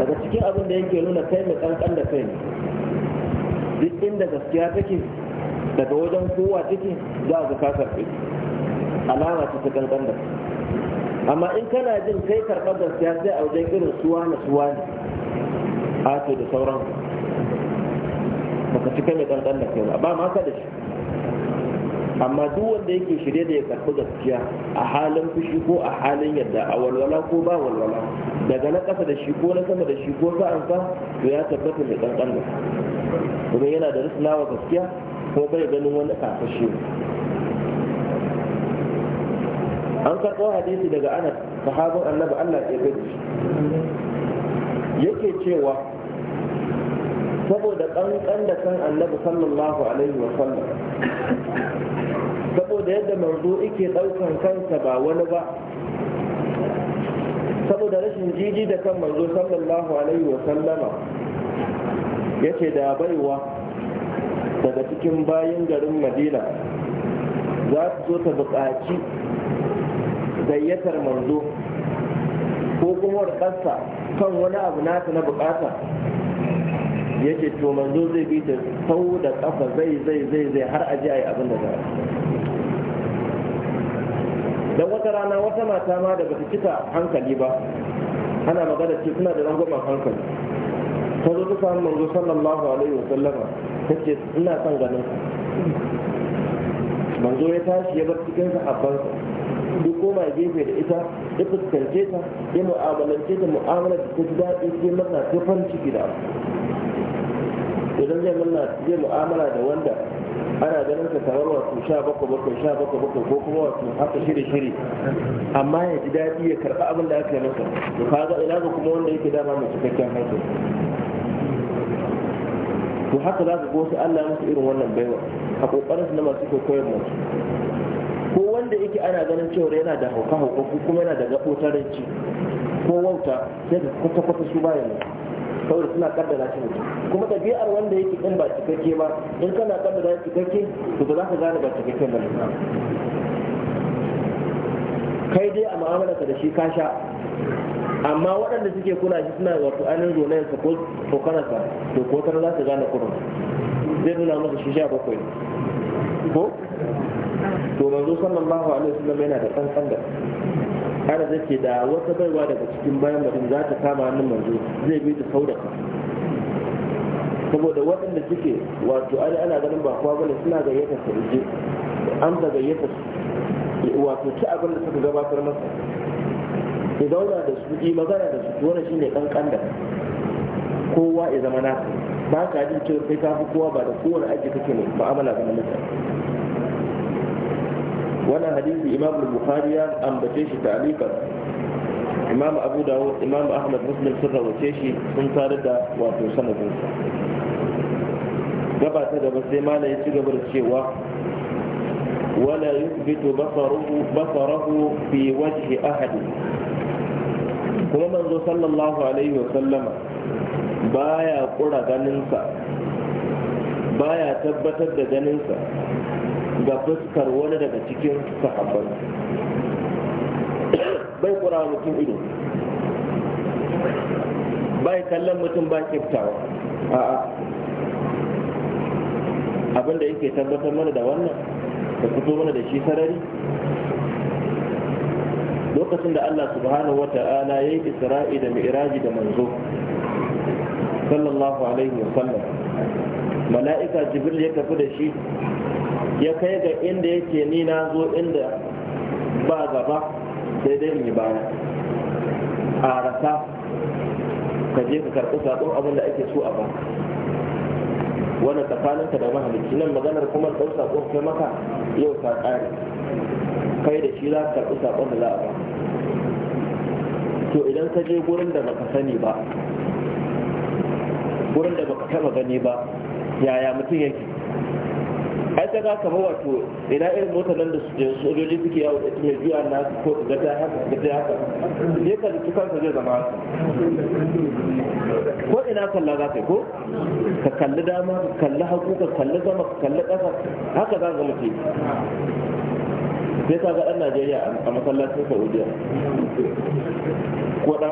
daga cikin abin da yake nuna kai mai kankan da kai duk inda gaskiya take daga wajen kowa take za a zuka karfe alama ce ta kankan da amma in kana jin kai karɓar gaskiya sai a wajen irin suwa na suwa ne a da sauran baka cika mai kankan da kai ba ma ka da shi amma duk wanda yake shirye da ya karɓi gaskiya a halin fushi ko a halin yadda a walwala ko ba walwala daga na ƙasa da shi ko na sama da shi ko sa to ya tabbata mai ɗanɗan da kuma yana da wa gaskiya ko bai ganin wani kafashe an karɓo hadisi daga anas sahabin annabi allah ya gaji yake cewa saboda ƙanƙan da kan annabi sallallahu alaihi wa sallam saboda yadda manzo yake ɗaukar kansa ba wani ba saboda rashin jiji da kan manzo sallallahu alaihi wa sallama ce da baiwa daga cikin bayan garin madina za su zo ta buƙaci gayyatar manzo ko kuma ƙasa kan wani abu nata na buƙata yake to manzo zai bi ta sau da ƙafa zai zai zai zai har aji a yi abin da za dan wata rana wata mata ma da bata cika hankali ba ana magana ce suna da rangwamen hankali ta zo ta samu zo sallallahu alaihi wa sallama ta ce ina son ganin ku. manzo ya tashi ya bar cikin sahabbansa duk koma gefe da ita ya fuskance ta ya mu'amalance ta mu'amalar da ta ji daɗi sai masa ta farin ciki da abu idan zai muna zai mu'amala da wanda ana ganin ka kamar wato sha bakwai bakwai sha bakwai bakwai ko kuma wato haka shiri shiri amma ya ji daɗi ya karɓi abin da aka yi masa to ga ina ga kuma wanda yake dama mai cikakken haka to haka za ka ga wasu Allah masu irin wannan baiwa a ƙoƙarin su na masu koyon masu. ko wanda yake ana ganin cewa yana da hauka hauka ko kuma yana da ci. ko wauta sai ka kwata-kwata su baya nan. saboda suna kaddara shi mutum kuma ɗabi'ar wanda yake ɗin ba cikakke ba in kana kaddara cikakke to ba za ka gane ba cikakke ba kai dai a ka da shi ka sha amma waɗanda suke kula shi suna wato ainihin zonayarsa ko kokararsa to ko tana za su gane kurin zai nuna masa shi sha bakwai ko to manzo sallallahu alaihi wasallam yana da tsantsan da ana zace da wata baiwa daga cikin bayan mutum za ta kama hannun manzo zai bi ta sau da saboda waɗanda suke wato ali ana ganin ba kowa bane suna gayyata su je an ta gayyata su wato ci abin da suka gabatar masa ya zauna da su yi magana da su shi shine kankan da kowa ya zama na, ba ka jin cewa kai ka fi kowa ba da kowane aji kake amala ga mutane wannan hadisi imam al-bukhari ya ambace shi ta'liqan imam abu dawud imam ahmad muslim sun rawace shi sun tare da wato sanadin sa gaba ta gaba sai mala ya ci gaba da cewa wala yuthbitu basaruhu basarahu fi wajhi ahad kuma manzo sallallahu alaihi wa sallama baya kura ganinsa baya tabbatar da ganinsa ga fuskar wani daga cikin sahabban bai kura mutum ido bai kallon mutum ba kiftawa a'a abin da yake tabbatar mana da wannan da fito mana da shi sarari lokacin da Allah subhanahu wa ta'ala ya yi isra'i da mi'raji da manzo sallallahu alaihi wa sallam mala'ika jibril ya tafi da shi ya kai ga inda yake ni na zo inda ba gaba sai dai in yi baya a rasa ka je ka karɓi saƙon abin da ake so a ba wani tsakaninka da mahalicci nan maganar kuma ɗau saƙon kai maka yau ta ƙare kai da shi za ka karɓi saƙon da za a ba to idan ka je gurin da baka sani ba gurin da baka taɓa gani ba yaya mutum yake ai ta ga kamar wato ina irin motar nan da sojoji suke yawo da mai a na ko da ta haka da ta haka ne ka zuci kansa zai zama haka ko ina kalla za ka ko ka kalli dama ka kalli hagu ka kalli zama ka kalli ƙasa haka za ka mutu sai ka ga ɗan najeriya a masallacin saudiya ko ɗan